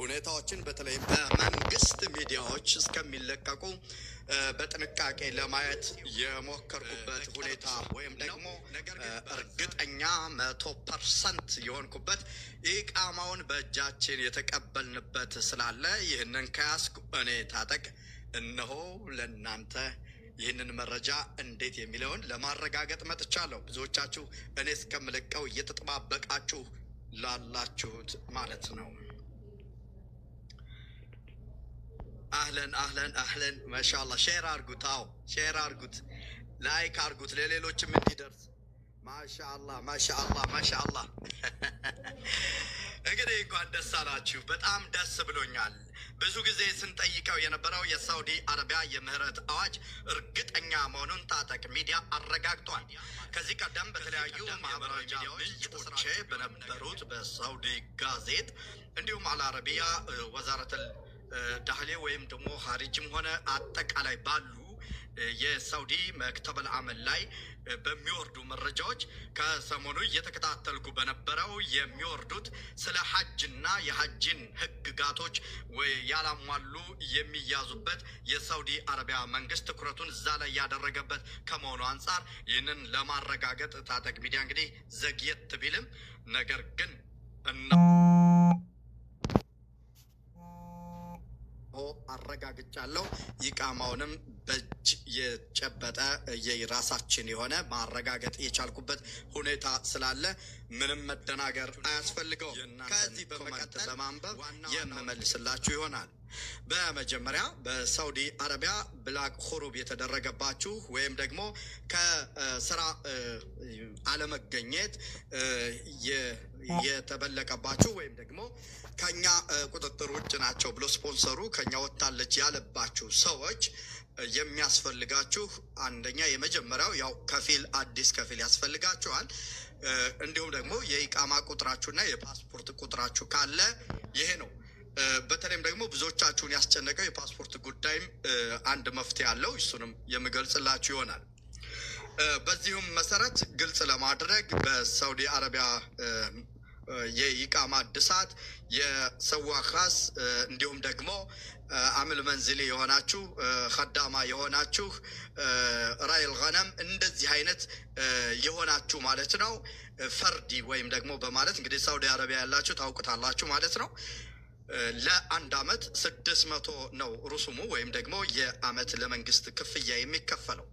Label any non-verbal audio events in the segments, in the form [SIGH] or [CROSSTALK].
ሁኔታዎችን በተለይም በመንግስት ሚዲያዎች እስከሚለቀቁ በጥንቃቄ ለማየት የሞከርኩበት ሁኔታ ወይም ደግሞ እርግጠኛ መቶ ፐርሰንት የሆንኩበት ኢቃማውን በእጃችን የተቀበልንበት ስላለ ይህንን ከያስኩ እኔ ታጠቅ እነሆ ለእናንተ ይህንን መረጃ እንዴት የሚለውን ለማረጋገጥ መጥቻለሁ። ብዙዎቻችሁ እኔ እስከምለቀው እየተጠባበቃችሁ ላላችሁት ማለት ነው። አህለን አህለን አህለን ማሻላ ሼር አርጉት። አዎ ሼር አርጉት፣ ላይክ አርጉት ለሌሎችም እንዲደርስ። ማሻአላ ማሻአላ ማሻአላ። [LAUGHS] እንግዲህ እንኳን ደስ አላችሁ። በጣም ደስ ብሎኛል። ብዙ ጊዜ ስንጠይቀው የነበረው የሳውዲ አረቢያ የምህረት አዋጅ እርግጠኛ መሆኑን ታጠቅ ሚዲያ አረጋግጧል። ከዚህ ቀደም በተለያዩ ማህበራዊ ሚዲያዎች በነበሩት በሳውዲ ጋዜጥ እንዲሁም አልአረቢያ ወዛረትል ዳህሌ ወይም ደግሞ ሀሪጅም ሆነ አጠቃላይ ባሉ የሳውዲ መክተበል አመል ላይ በሚወርዱ መረጃዎች ከሰሞኑ እየተከታተልኩ በነበረው የሚወርዱት ስለ ሀጅና የሀጅን ህግጋቶች ያላሟሉ የሚያዙበት የሳውዲ አረቢያ መንግስት ትኩረቱን እዛ ላይ ያደረገበት ከመሆኑ አንጻር ይህንን ለማረጋገጥ ታጠቅ ሚዲያ እንግዲህ ዘግየት ቢልም ነገር ግን እና አረጋግጫለሁ። ይቃማውንም በእጅ የጨበጠ የራሳችን የሆነ ማረጋገጥ የቻልኩበት ሁኔታ ስላለ ምንም መደናገር አያስፈልገው። ከዚህ በመቀጠል በማንበብ የምመልስላችሁ ይሆናል። በመጀመሪያ በሳውዲ አረቢያ ብላክ ሁሩብ የተደረገባችሁ ወይም ደግሞ ከስራ አለመገኘት የተበለቀባችሁ ወይም ደግሞ ከኛ ቁጥጥር ውጭ ናቸው ብሎ ስፖንሰሩ ከኛ ወታለች ያለባችሁ ሰዎች የሚያስፈልጋችሁ አንደኛ የመጀመሪያው ያው ከፊል አዲስ ከፊል ያስፈልጋችኋል። እንዲሁም ደግሞ የኢቃማ ቁጥራችሁና የፓስፖርት ቁጥራችሁ ካለ ይሄ ነው። በተለይም ደግሞ ብዙዎቻችሁን ያስጨነቀው የፓስፖርት ጉዳይም አንድ መፍትሄ አለው። እሱንም የምገልጽላችሁ ይሆናል። በዚሁም መሰረት ግልጽ ለማድረግ በሳውዲ አረቢያ የኢቃማ እድሳት፣ የሰዋ ካስ እንዲሁም ደግሞ አምል መንዝሌ የሆናችሁ ከዳማ የሆናችሁ ራይል ገነም እንደዚህ አይነት የሆናችሁ ማለት ነው። ፈርዲ ወይም ደግሞ በማለት እንግዲህ ሳውዲ አረቢያ ያላችሁ ታውቁታላችሁ ማለት ነው። ለአንድ አመት ስድስት መቶ ነው ሩሱሙ ወይም ደግሞ የአመት ለመንግስት ክፍያ የሚከፈለው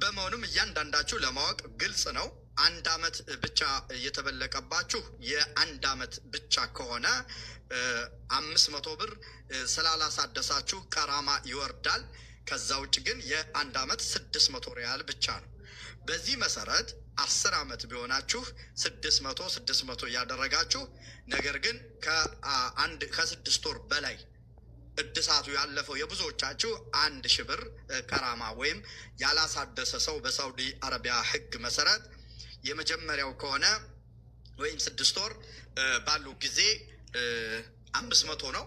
በመሆኑም እያንዳንዳችሁ ለማወቅ ግልጽ ነው። አንድ አመት ብቻ የተበለቀባችሁ የአንድ አመት ብቻ ከሆነ አምስት መቶ ብር ስላላሳደሳችሁ ቀራማ ይወርዳል። ከዛ ውጭ ግን የአንድ አመት ስድስት መቶ ሪያል ብቻ ነው። በዚህ መሰረት አስር አመት ቢሆናችሁ ስድስት መቶ ስድስት መቶ እያደረጋችሁ ነገር ግን ከአንድ ከስድስት ወር በላይ እድሳቱ ያለፈው የብዙዎቻችሁ አንድ ሺህ ብር ቀራማ ወይም ያላሳደሰ ሰው በሳውዲ አረቢያ ህግ መሰረት የመጀመሪያው ከሆነ ወይም ስድስት ወር ባሉ ጊዜ አምስት መቶ ነው።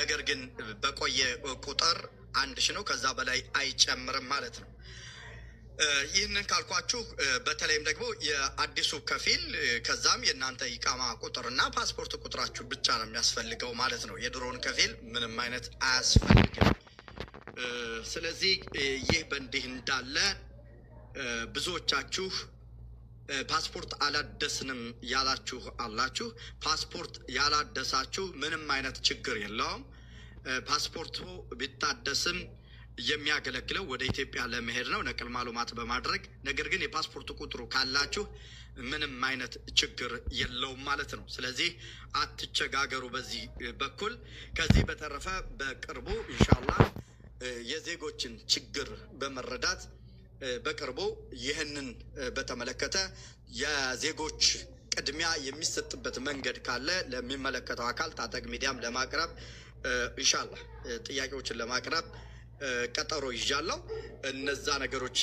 ነገር ግን በቆየ ቁጥር አንድ ሺ ነው። ከዛ በላይ አይጨምርም ማለት ነው። ይህንን ካልኳችሁ በተለይም ደግሞ የአዲሱ ከፊል ከዛም የእናንተ ኢቃማ ቁጥርና ፓስፖርት ቁጥራችሁ ብቻ ነው የሚያስፈልገው ማለት ነው። የድሮውን ከፊል ምንም አይነት አያስፈልግም። ስለዚህ ይህ በእንዲህ እንዳለ ብዙዎቻችሁ ፓስፖርት አላደስንም ያላችሁ አላችሁ። ፓስፖርት ያላደሳችሁ ምንም አይነት ችግር የለውም። ፓስፖርቱ ቢታደስም የሚያገለግለው ወደ ኢትዮጵያ ለመሄድ ነው፣ ነቅል ማሉማት በማድረግ ነገር ግን የፓስፖርት ቁጥሩ ካላችሁ ምንም አይነት ችግር የለውም ማለት ነው። ስለዚህ አትቸጋገሩ በዚህ በኩል። ከዚህ በተረፈ በቅርቡ ኢንሻላህ የዜጎችን ችግር በመረዳት በቅርቡ ይህንን በተመለከተ የዜጎች ቅድሚያ የሚሰጥበት መንገድ ካለ ለሚመለከተው አካል ታጠቅ ሚዲያም ለማቅረብ እንሻላ ጥያቄዎችን ለማቅረብ ቀጠሮ ይዣለው። እነዛ ነገሮች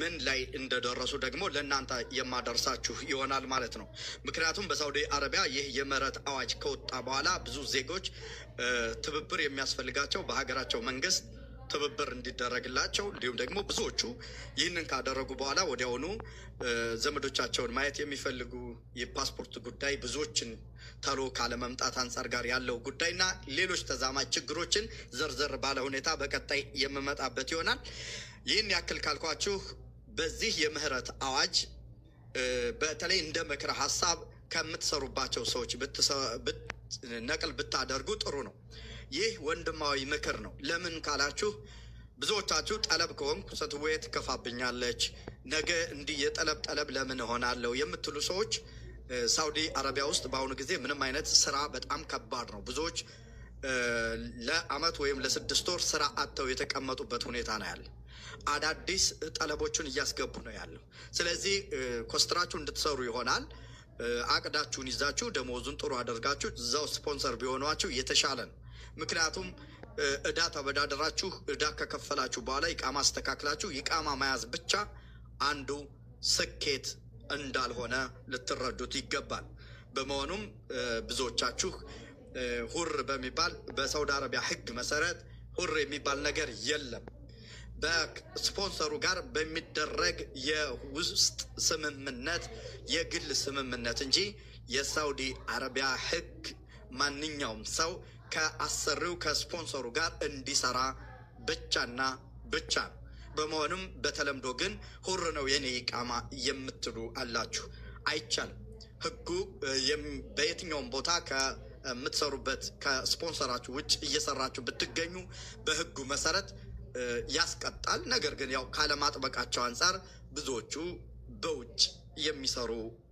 ምን ላይ እንደደረሱ ደግሞ ለእናንተ የማደርሳችሁ ይሆናል ማለት ነው። ምክንያቱም በሳውዲ አረቢያ ይህ የምህረት አዋጅ ከወጣ በኋላ ብዙ ዜጎች ትብብር የሚያስፈልጋቸው በሀገራቸው መንግስት ትብብር እንዲደረግላቸው እንዲሁም ደግሞ ብዙዎቹ ይህንን ካደረጉ በኋላ ወዲያውኑ ዘመዶቻቸውን ማየት የሚፈልጉ የፓስፖርት ጉዳይ ብዙዎችን ተሎ ካለመምጣት አንጻር ጋር ያለው ጉዳይና ሌሎች ተዛማጅ ችግሮችን ዘርዘር ባለ ሁኔታ በቀጣይ የምመጣበት ይሆናል። ይህን ያክል ካልኳችሁ በዚህ የምህረት አዋጅ በተለይ እንደ ምክረ ሀሳብ ከምትሰሩባቸው ሰዎች ነቅል ብታደርጉ ጥሩ ነው። ይህ ወንድማዊ ምክር ነው። ለምን ካላችሁ ብዙዎቻችሁ ጠለብ ከሆንኩ ሴትዬ ትከፋብኛለች፣ ነገ እንዲህ የጠለብ ጠለብ ለምን እሆናለሁ የምትሉ ሰዎች ሳውዲ አረቢያ ውስጥ በአሁኑ ጊዜ ምንም አይነት ስራ በጣም ከባድ ነው። ብዙዎች ለአመት ወይም ለስድስት ወር ስራ አጥተው የተቀመጡበት ሁኔታ ነው ያለ። አዳዲስ ጠለቦችን እያስገቡ ነው ያለው። ስለዚህ ኮስትራችሁ እንድትሰሩ ይሆናል። አቅዳችሁን ይዛችሁ ደሞዙን ጥሩ አደርጋችሁ እዛው ስፖንሰር ቢሆኗችሁ የተሻለ ነው። ምክንያቱም እዳ ተበዳደራችሁ እዳ ከከፈላችሁ በኋላ ይቃማ አስተካክላችሁ ይቃማ መያዝ ብቻ አንዱ ስኬት እንዳልሆነ ልትረዱት ይገባል። በመሆኑም ብዙዎቻችሁ ሁር በሚባል በሳውዲ አረቢያ ሕግ መሰረት ሁር የሚባል ነገር የለም። በስፖንሰሩ ጋር በሚደረግ የውስጥ ስምምነት የግል ስምምነት እንጂ የሳውዲ አረቢያ ህግ ማንኛውም ሰው ከአሰሪው ከስፖንሰሩ ጋር እንዲሰራ ብቻና ብቻ ነው። በመሆኑም በተለምዶ ግን ሁር ነው የኔ ቃማ የምትሉ አላችሁ። አይቻልም። ህጉ በየትኛውም ቦታ ከምትሰሩበት ከስፖንሰራችሁ ውጭ እየሰራችሁ ብትገኙ በህጉ መሰረት ያስቀጣል። ነገር ግን ያው ካለማጥበቃቸው አንጻር ብዙዎቹ በውጭ የሚሰሩ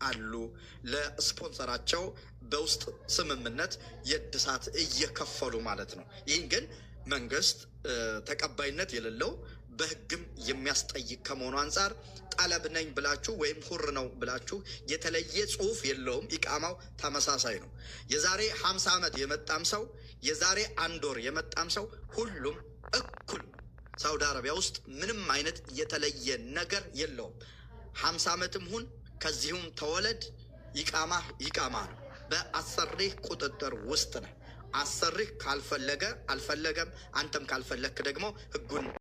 አሉ። ለስፖንሰራቸው በውስጥ ስምምነት የእድሳት እየከፈሉ ማለት ነው። ይህን ግን መንግስት ተቀባይነት የሌለው በህግም የሚያስጠይቅ ከመሆኑ አንጻር ጠለብ ነኝ ብላችሁ ወይም ሁር ነው ብላችሁ የተለየ ጽሁፍ የለውም። ኢቃማው ተመሳሳይ ነው። የዛሬ ሀምሳ ዓመት የመጣም ሰው የዛሬ አንድ ወር የመጣም ሰው ሁሉም እኩል ሳውዲ አረቢያ ውስጥ ምንም አይነት የተለየ ነገር የለውም። ሀምሳ ዓመትም ሁን ከዚሁም ተወለድ ይቃማ ይቃማ ነው። በአሰሪህ ቁጥጥር ውስጥ ነ አሰሪህ ካልፈለገ አልፈለገም፣ አንተም ካልፈለክ ደግሞ ህጉን